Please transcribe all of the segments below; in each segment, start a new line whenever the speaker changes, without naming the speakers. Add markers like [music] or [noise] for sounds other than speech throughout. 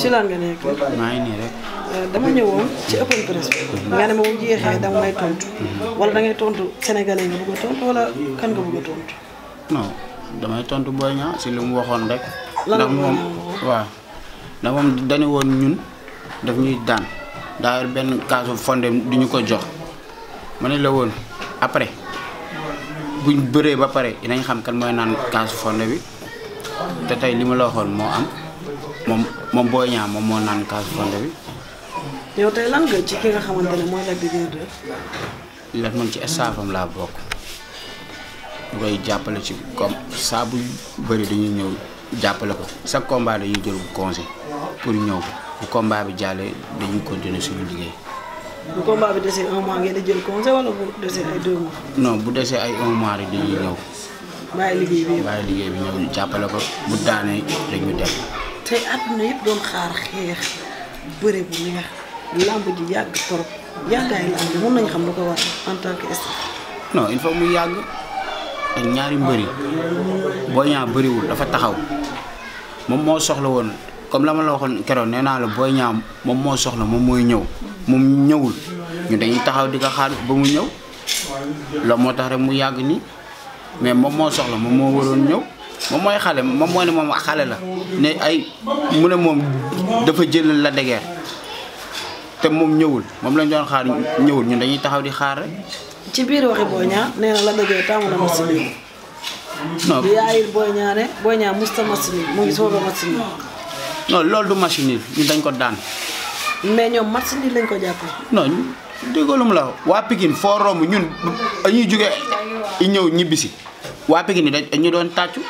ci lan nga nekk. maa ngi rek. dama ñëwoon ci open press nga ne ma jeexee dama tontu. wala da ngay tontu sénégalais nga bëgg a tontu wala kan nga bëgg a tontu.
damay tontu Boy Niang si li mu waxoon rek. lan moom waaw. ndax moom dañu woon ñun daf ñuy daan daa benn kaasu fonde du ñu ko jox ma ne la woon après buñ bëree ba pare dinañ xam kan mooy naan kaasu fonde bi te tey li ma la waxoon moo am moom moom Boy Niang moom moo naan kaasu fonde bi.
yow tey ci ki laa
bokk. ñu jàppale ci comme saa bu bëri dañuy ñëw. jàppale ko chaque combat dañuy jël bu pour ñëw bu combat bi jàllee dañuy continuer suñu liggéey.
bu combat bi desee un ngeen di jël congé wala bu desee ay deux mois.
non bu desee ay un dañuy ñëw. bàyyi liggéey bi ñëw jàppale ko bu daanee rek ñu dem.
tey àdduna yëpp doon xaar xeex bëre bu neex làmb yàgg trop yàggaay làmb bi mën nañu xam lu ko war en tant que
non il faut mu yàgg. ak ñaari mbëri Boy Niang bëriwul dafa taxaw moom moo soxla woon comme la ma la waxoon keroog nee naa la booy Niang moom moo soxla moom mooy ñëw moom ñëwul ñu dañuy taxaw di ko ba mu ñëw loolu moo tax rek mu yàgg nii mais moom moo soxla moom moo waroon ñëw moom mooy xale moom moo ne moom xale la ne ay mu ne moom dafa jël la degeer te moom ñëwul moom lañ doon xaar ñëwul ñu dañuy taxaw di xaar rek
ci biir waxi Boy Niang nee na Lac de Guiers taamu na match nul. non yaayil Boy Niang ne Boy Niang du match
nul ñun dañ ko daan.
mais ñoom match lañ ko jàppee.
non déggoolum la waa Pikine foo romb ñun dañuy jóge ñëw ñibbisi waa Pikine dañ ñu doon tàccu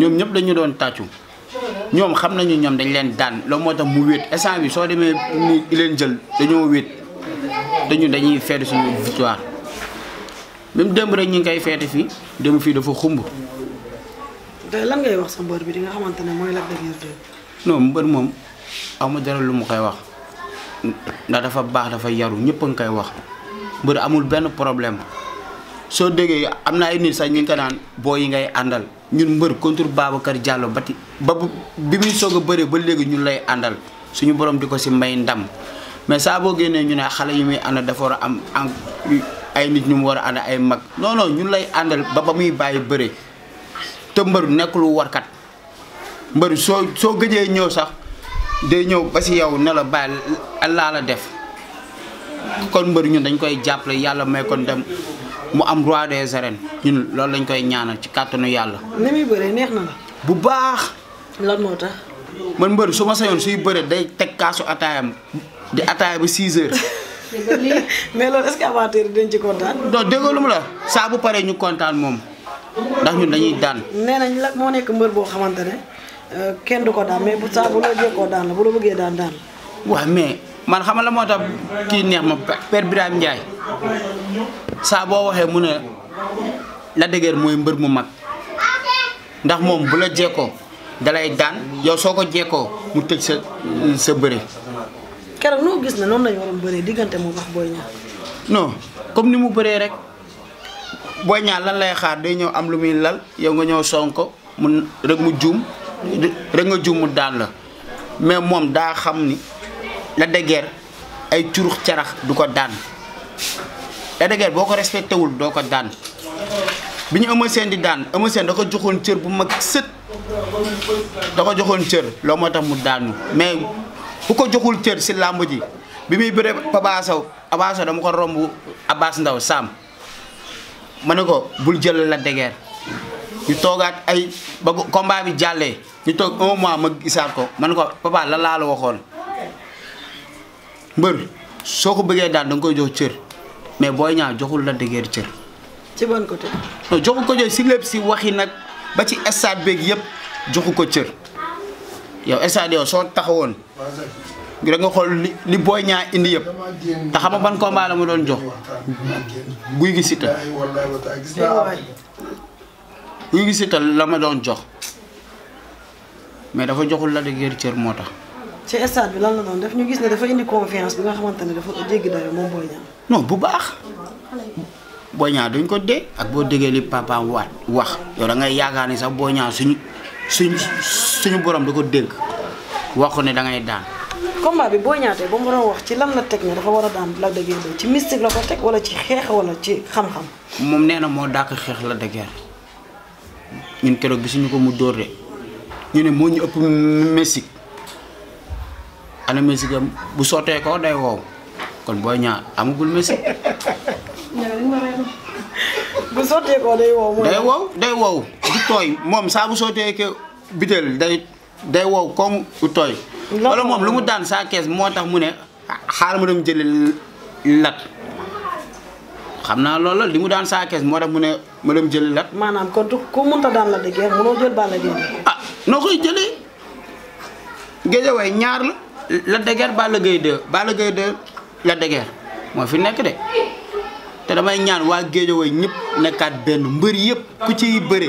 ñoom ñëpp dañu doon tàccu. ñoom xam nañu ñoom dañ leen daan loolu moo tax mu wéet instant bi soo demee leen jël dañoo wéet dañu dañuy feetu suñu victoire. même démb ñu ngi koy feete fii démb fii dafa xumb.
tey wax sa mbër bi di nga xamante
mbër moom amul dara lu mu koy wax ndax dafa baax dafa yaru ñëpp nga koy wax mbër amul benn problème soo déggee am na ay nit sax ñu ngi ko boo yi ngay àndal ñun mbër contre Babacar Diallo ba ti bi muy soog a bëre ba léegi ñun lay àndal suñu borom di ko si may ndam mais saa boo génnee ñu ne xale yi muy àndal dafa war a am en. ay nit ñu mu war a ànd ay mag non non lay àndal ba ba muy bàyyi bëre te mbër nekk lu warkat mbëru soo soo gëjee ñëw sax day ñëw ba si yow ne ba bàyyi laa la def kon mbër ñu dañ koy jàppale yàlla may kon dem mu am roi des arènes ñun loolu dañ koy ñaanal ci kàttanu yàlla.
ni la. bu baax. lan moo tax.
man mbëru su ma sañoon suy bëree day teg kaasu ataayam di ataaya ba 6 heures. [laughs]
[laughs] mais loolu est que amateur dañ ci kontaan.
non déggoo lu la saa bu paree ñu kontaan moom ndax ñun dañuy daan.
nee nañ la moo nekk mbër boo xamante ne euh, kenn du ko daan mais bu saa bu la jekkoo daan bu la bëggee daan daan
la. mais man xam la moo tax kii neex ma Père Birame Ndiaye saa boo waxee mu ne la dëgër mooy mbër mu mag ndax moom bu la jekkoo dalay daan yow soo ko jekkoo mu tëj sa sa bëre.
keroog noo gis na noonu lañu waroon bëree diggante moom wax Boy
Niang. non comme ni mu bëree rek booy Niang lan lay xaar day ñëw am lu muy lal yow nga ñëw sonk mu rek mu juum rek nga juum mu daan la mais moom daa xam ni la degeer ay curux carax du ko daan la degeer boo ko respecté wul doo ko daan bi ñu Eumeu seen di daan Eumeu seen da ko joxoon cër bu mag sët da ko joxoon cër loo moo tax mu daanu mais. ku ko joxul cër si làmb ji bi muy bëre Papa Sow Papa Sow dama ko romb Abbas Ndaw Sam ma ne ko bul jël la degeer ñu toogaat ay ba combat bi jàllee ñu toog un mois ma gisaat ko ma ne ko papa la laa la waxoon mbër soo ko bëggee daan da nga koy jox cër mais booy ñaa joxul la degeer cër. ci bon côté. non joxu ko jox si lépp si waxi nag ba ci stade beeg yëpp joxu ko cër. yow instant yow soo taxawoon. rek nga xool li li booy ñaa indi yëpp te xam nga ban combat la ma doon jox guy gi Siteu guy gi Siteu la ma doon jox mais dafa joxul la de cër moo tax.
ci stade bi lan la doon def ñu gis ne dafa indi confiance bi nga xamante ne dafa dégg dayo moom booy
ñaa. bu baax booy duñ ko dee ak boo déggee li papaam waat wax yow da ngay ni sax booy ñaa suñu. suñu suñu borom da ko dénk wax ko ne da ngay daan.
combat bi boo ñaatee ba mu war a wax ci lan la teg ne dafa war a daan Lac de Guiers ci mystique la ko teg wala ci xeex wala ci xam-xam.
moom nee na moo dàq xeex la de Guiers ñun keroog gisuñu ko mu dóor de ñu ne moo ñu ëpp mystique ana mystique am bu sottee ko day wow kon booy ñaar amagul mystique. [laughs] bu
sottee ko day wow. day wow
day wow du tooy moom saa bu sottee ko bitel day day wow comme du tooy. wala moom lu mu daan saa kees moo tax mu ne xaaral ma dem jëli lat. xam naa loolu li mu daan saa kees moo tax mu ne ma dem jëli lat.
maanaam kon ku mënta daan la déggee mënoo jël Balla Gaye ah
noo koy jëlee Guédiawaye ñaar la Lac de Guiers Balla Gaye 2 Balla Gaye 2 Lac de Guiers moo fi nekk de. damay ñaan waa Géejawaay ñëpp nekkaat benn mbër yëpp ku ciy bëre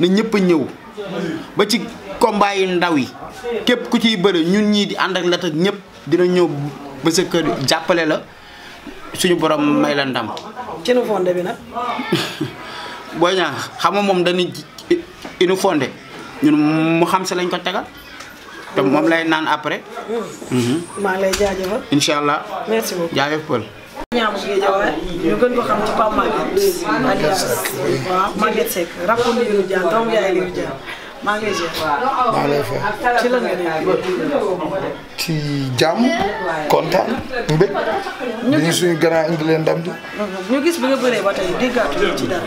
na ñëpp a ñëw ba ci combat yi ndaw yi képp ku ciy bëre ñun ñii di ànd ak Lac ak ñëpp dina ñëw ba sa jàppale la suñu borom may la ndam. ci nu fondé bi [laughs] moom dañuy inu fondé ñun mu xam si lañ ko tegal. te moom lay naan après. Mm. Mm-hmm.
maa ngi lay jaajëfal. incha allah. merci
beaucoup
ñaamu Géejawaay ñu gën ko xam ci Pape Maguette alias ci lan nga
ci jàmm kontaan mbég. indi leen ndam
ñu gis bi nga bëree ba tey déggaatuñu ci dara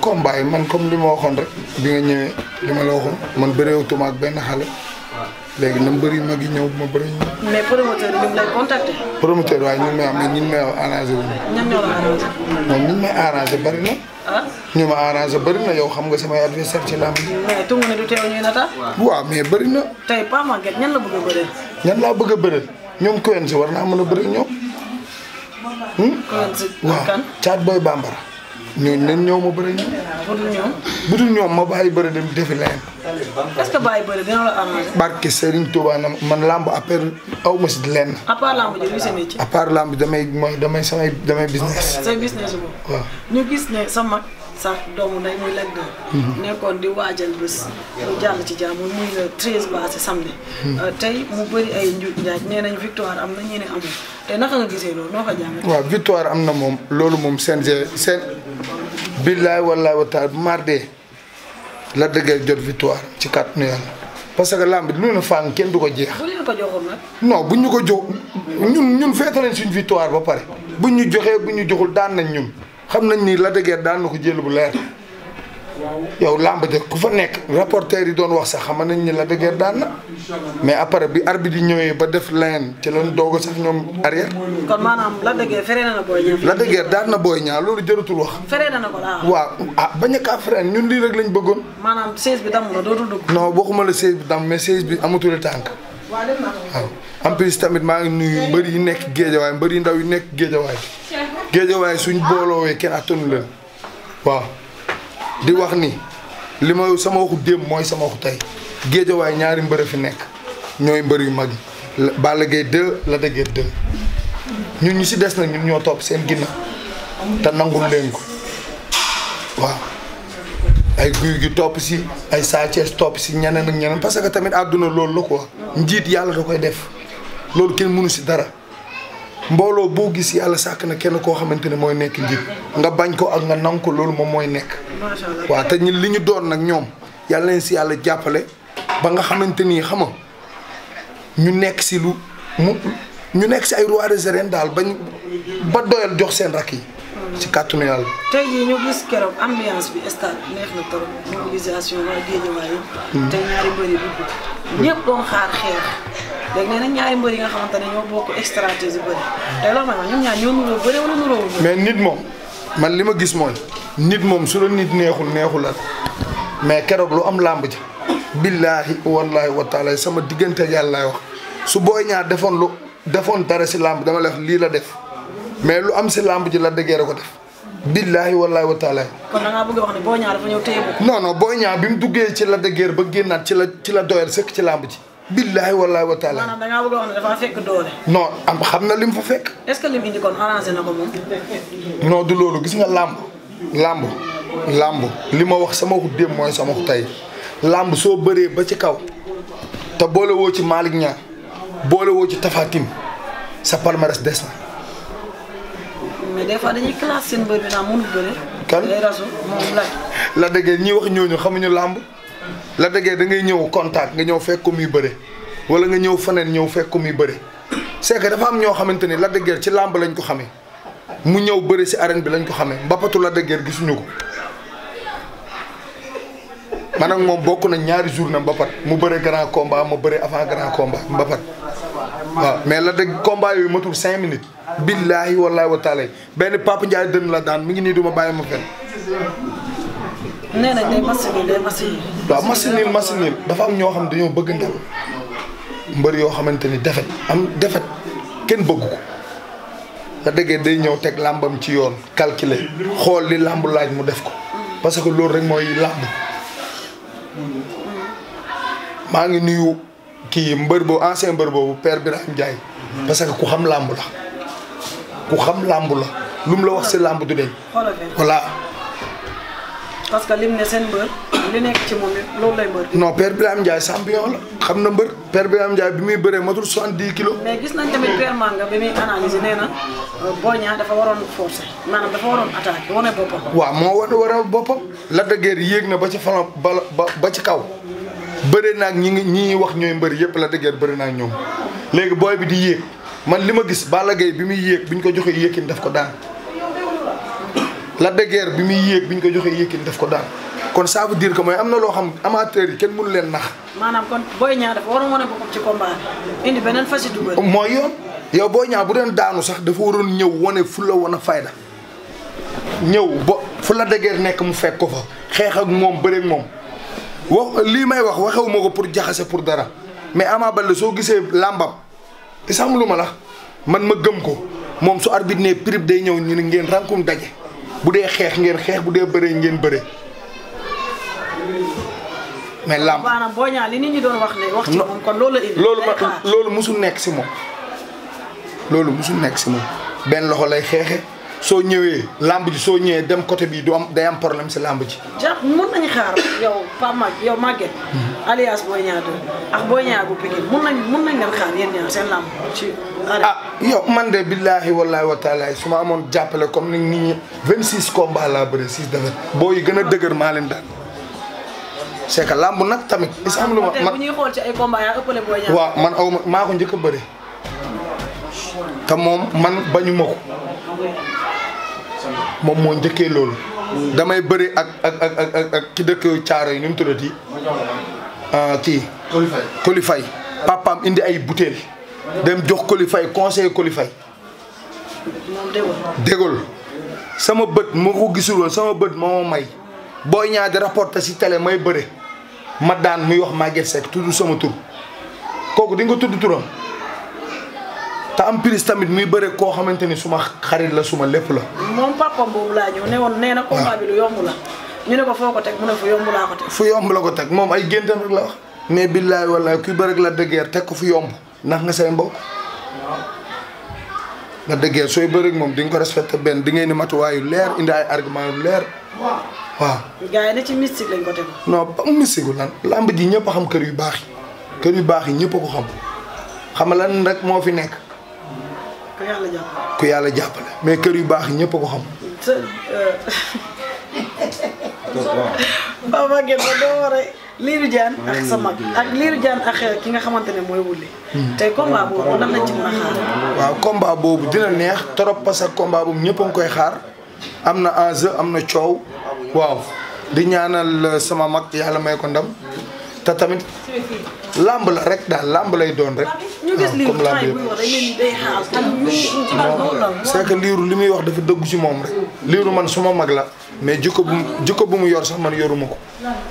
combat man comme li ma waxoon rek bi nga ñëwee li ma la man bëreewutuma ak benn xale. léegi na mbëri mag yi ñëw ma bëri.
mais promoteur bi ñu lay contacter.
promoteur waaye ñu may am ñu may arrangé wu ñu. ñan ñoo la arrangé. non ñu may arrangé
ma
ah? arrangé bëri na yow xam nga samay adversaire ci làmb. mais tungu bëri na. bëgg
a bëreel.
ñan laa bëgg a bëreel ñoom Coen a bëri ñoom. ñooñu nen ñëw ma bëri ñoom. budul ñoom. budul ñoom ma bàyyi bëri dem defi leen.
est-ce que bàyyi bëri
na man lamb après aw ma si lenn.
à part ñu gis ne te eh, naka nga
victoire am na moom loolu moom CNG seen billaay wallaay wa taal mardi la dëggee jot victoire ci kàttanu yàlla. parce que làmb lu ne fànn kenn du ko jeex. bu
ñu ko
bu ñu ko jox ñun ñun feete nañ suñu victoire ba pare bu ñu joxee bu ñu joxul daan nañ ñun xam nañ ni la dëggee daan na ko jël bu leer. yow làmb ja ku fa nekk rapporteur yi doon wax sax xam nañ ni la dëgër daan na mais après bi arbitre yi ñëwee ba def leneen ci lañ doog sax ñoom arrière.
kon maanaam la dëgër feree na booy ñaar. la dëgër
daan na booy ñaar loolu jëratul wax.
feree na ko waaw.
waaw ah bañ a ñun lii rek lañ bëggoon.
maanaam bi damm la dootul dugg.
non waxuma la siège bi damm mais siège bi amatul tànk.
waaw
en plus tamit maa ngi nuyu mbër yi nekk géejawaay mbëri yi ndaw yi nekk géejawaay géejawaay suñ booloowee kenn attanu leen waaw di wax ni li ma sama waxu démb mooy sama waxu tey géejawaay ñaari mbër a fi nekk ñooy mbër yu mag yi Balla Gaye 2 la Lac de Guiers ñun ñu si des nag ñu ñoo topp seen ginnaaw te nangul leen ko waaw ay guy gi topp si ay Sa Thiès topp si ñeneen ak ñeneen parce que tamit àdduna loolu la quoi njiit yàlla da koy def loolu kenn mënu si dara mbooloo boo gis yàlla sàkk na kenn koo xamante ne mooy nekk njiit nga bañ ko ak nga nangu ko loolu moom mooy nekk waaw te ñi li ñu doon nag ñoom yàlla leen si yàlla jàppale ba nga xamante nii xam nga ñu nekk si lu mu ñu nekk si ay roi des daal bañ ba doyal jox seen rakk yi si kàttanu yàlla.
tey jii ñu gis keroog ambiance bi stade neex na trop mobilisation waa Guédiawaye. Hmm. tey xaar xeex. léegi nee mais
nit moom man li ma gis mooy nit moom su la nit neexul neexul la mais keroog lu am làmb ji billaahi wallaahi wa taala sama diggante lay wax su booy ñaar defoon lu defoon dara si làmb dama la lii la def mais lu am si làmb ji la dëggeere ko def billaahi wallaahi wa taala booy ñaar bi mu duggee ci la dëggeer ba génnaat ci la ci la doyal sëkk ci làmb ji billahi wallahi wa taala.
maanaam da
am xam na lim fu fekk. est-ce du loolu gis nga làmb. làmb li ma wax sama waxu démb mooy sama waxu tey làmb soo bëree ba ci kaw te boole woo ci Malick Niang boole woo ci Tafatim sa palmarès des na. mais des fois la dëgg ñi wax ñooñu xamuñu làmb. Lac de Guiers da ngay ñëw contact nga ñëw fekk ko muy bëre wala nga ñëw feneen ñëw fekk ko muy bëre c'est dafa am ñoo xamante ni Lac de ci làmb lañ ko xamee mu ñëw bëre si arène bi lañ ko xamee mbappatu Lac de Guiers gisuñu ko man ak moom bokk na ñaari jour na mbapat mu bëre grand combat ma bëre avant grand combat mbapat waaw mais Lac de Guiers combat yooyu matul cinq minutes billaahi wallaahi wa taala benn Papa Ndiaye dënn la daan mi ngi nii duma bàyyi ma
nee nañ day machine
waaw machine machine dafa am ñoo xam dañoo bëgg ndam mbër yoo xamante ni defet am defet kenn bëgg ko nga déggee day ñëw teg làmbam ci yoon calculer xool li làmb laaj mu def ko parce que loolu rek mooy làmb maa ngi nuyu kii mbër boobu ancien mbër boobu per Birame Ndiaye parce que ku xam làmb la ku xam làmb la lu mu la wax si làmb du deñ
voilà parce que lim ne seen mbër li nekk ci moom it loolu lay mbër. non
Père Birame Ndiaye champion la xam na mbër Père Birame Ndiaye bi muy bëree matul soixante di kilos.
mais gis nañ tamit Père nee na euh, Boy Niang dafa waroon forcer maanaam dafa
yéeg na ba ci fana ba ba ci kaw bëri na ak ñi ñi wax ñooy mbër yëpp Lac de Guiers bëri na léegi booy bi di man li ma gis Balla Gaye bi muy yéeg bi ñu ko joxee yéekin daf ko daan. Lac de Guiers bi muy yéeg bi ñu ko joxee Yékini daf ko daan kon ça diir dire mooy am na loo xam amateurs yi kenn mënu leen nax.
maanaam kon Boy Niang dafa waroon wane boppam ci combat bi indi
yow Boy Niang bu doon daanu sax dafa waroon ñëw wane fulla wane fayda ñëw ba fu Lac nekk mu fekk ko fa xeex ak moom bëreeg moom wax lii may wax waxewu ko pour jaxase pour dara mais Ama Baldé soo gisee làmbam isam lu la man ma gëm ko moom su arbitre ne prib day ñëw ñu ne ngeen rànkum daje. bu dee xeex ngeen xeex bu dee bëree ngeen bëre. mais làmb
maanaam boo ñaan li nit ñi doon wax ne wax ci moom
loolu la nekk si moom. loolu musul nekk si moom benn loxo lay xeexe soo ñëwee làmb ji soo ñëwee dem côté bii du day am problème si làmb ji.
jàpp mun nañu xaar yow Pape Mag yow Maguette. Hmm. alias Boy Niang 2 ak Boy Niang ah
yow man de billaahi wallaahi wa su ma amoon jàppale comme ni nit ñi vingt six combats laa bëre boo yi gën a dëgër maa leen daan làmb nag tamit is am lu ma
man ci ay combats
maa ko njëkk a bëre te moom man bañu ko moom moo njëkkee loolu damay bëri ak ak ki dëkk caaro yi nu mu tuddati Euh, kii. Colifay Colifay papaam indi ay butéel dem jox kolifay conseil Colifay. dégol sama bët moo ko gisul woon sama bët moo may booy ñaar di rapporter si télé may bëre ma daan muy wax Maguette Seck tudd sama tur kooku di nga tudd turam te am prise tamit muy bëre koo xamante ni suma xarit la suma lépp la.
ñu ne ko foo ko teg mu ne fu yomb laa ko
teg. fu yomb la ko teg moom ay géntam la wax. mais billaay wallaay kuy bëri la dëggeer teg ko fu yomb ndax nga say mbokk. nga dëggeer sooy bëri moom di nga ko respecté benn di ngeen ni matuwaay yu leer indi ay argument yu leer. waaw waaw.
gars yi na ci mystique lañ ko teg.
non ba mystique lan lamb ji ñëpp xam kër yu baax yi. kër yu baax yi ñëpp a ko xam xam lan rek moo fi nekk. ku yàlla jàppale. mais kër yu baax yi ñëpp a ko xam.
Euh, [laughs]
waaw
Maguette ba doo war a Lirou ak sa mag ak Lirou ak eh, ki nga xamante ne mooy wulli tey combat boobu
waaw combat boobu dina neex trop parce que combat boobu ñëpp a koy xaar am na enjeu am na coow waaw di ñaanal eh, sama mag yàlla may ko ndam te tamit. làmb la rek daal làmb lay doon rek. comme làmb liiru li muy wax dafa dëggu ci moom rek. liiru man suma mag la mais jikko bu jikko bu mu yor sax man yoruma ko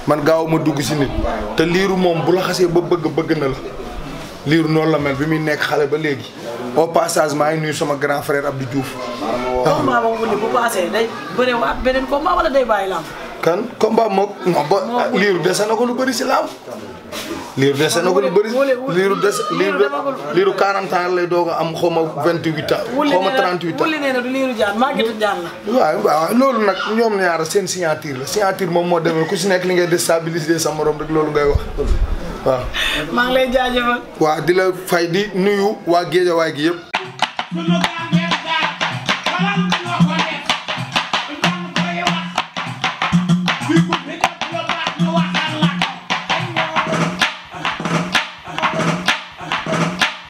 man gaaw ma dugg ci nit te liiru moom bu la xasee ba bëgg bëgg na la. liiru noonu la mel bi muy nekk xale ba léegi au passage maa ngi nuyu sama grand frère Abdou Diouf.
waaw combat boobu ni
bu moom. ba liiru dese na ko lu bari ci làmb. liir dese na ko lu bëri liiru des lii liiru 40 ans lay doog a am xaw ma 28 ans. xaw ma 38 ans
wuli nee na du waaw loolu nag
ñoom ñaar seen signature la signature moom moo demee ku si nekk li ngay déstabiliser sa morom rek loolu ngay wax waaw. di la fay di nuyu waa géejawaay gi yëpp.